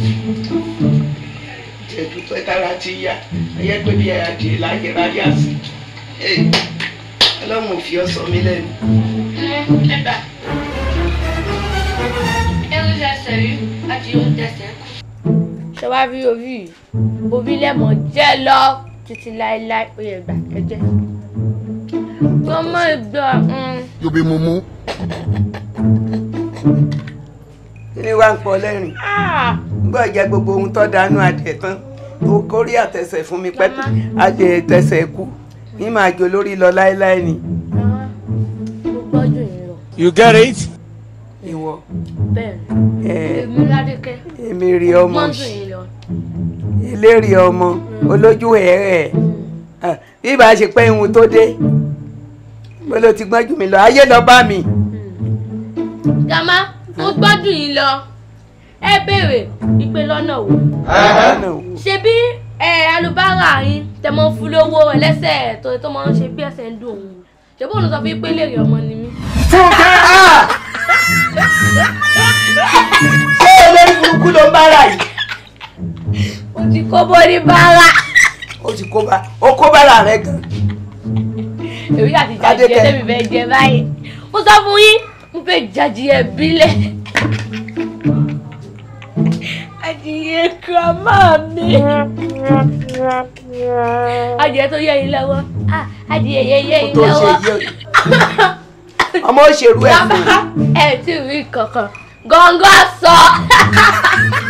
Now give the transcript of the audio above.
ètùtù ẹ̀kára ti yá ẹ̀yẹ́ pé bí ẹ̀yà dé láyé ráyà sí ọlọ́run ò fi ọ sọ mí lẹ́nu. ṣé wàá rí orí yìí orí lẹ́mọ̀ jẹ́ lọ títí láéláé ó yẹ gbà kẹ́jẹ́ gbọ́mọ ìgbà. Mm. yóò bí mumu kí ni wàá ń pọ lẹ́rìn. Ah! gbọ́ jẹ gbogbo ohun tó dánú adìẹ tán tó kórí àtẹsẹ̀ fún mi pẹ́pẹ́ adìẹ tẹsẹ̀ kú ní màá jò lórí lọ láéláé ni. you get it. ìwọ. bẹ́ẹ̀ èmi ládékẹ́. èmi rí ọmọ eléèrè mm. ọmọ olójú ẹ̀ẹ́rẹ́ mm. ah, bí bá a ṣe pẹ́ ihun tó dé bó ló ti gbọ́njú mi lọ ayé lọ bá mi. gàmá mm. mo gbádùn yín lọ ẹ béèrè ìpè lọ́nà wò. ṣebí alubára yín tẹ mọ fún lówó ẹlẹ́sẹ̀ tó tó máa ń ṣe bí ẹsẹ̀ ń dùn òun ṣebí òun sọ fún pé lèrè ọmọ ni mí. fúnkẹ́ ṣé olórí burúkú ló ń bára yìí. o ti kó bó ní bára. o ti kó bá o kó bára rẹ gan. èmi àti jàjì ẹ bẹ́ẹ̀ jẹ báyìí mo sọ fún yín mo fẹ́ jàjì bílẹ̀ adìyẹ grandma mi. adìyẹ tó yẹ yín lọ́wọ́ adìyẹ yẹ yẹ yín lọ́wọ́. ọmọ òṣèlú ẹ̀ fún mi. ẹ tí ì rí kankan gọ́ngọ́ sọ.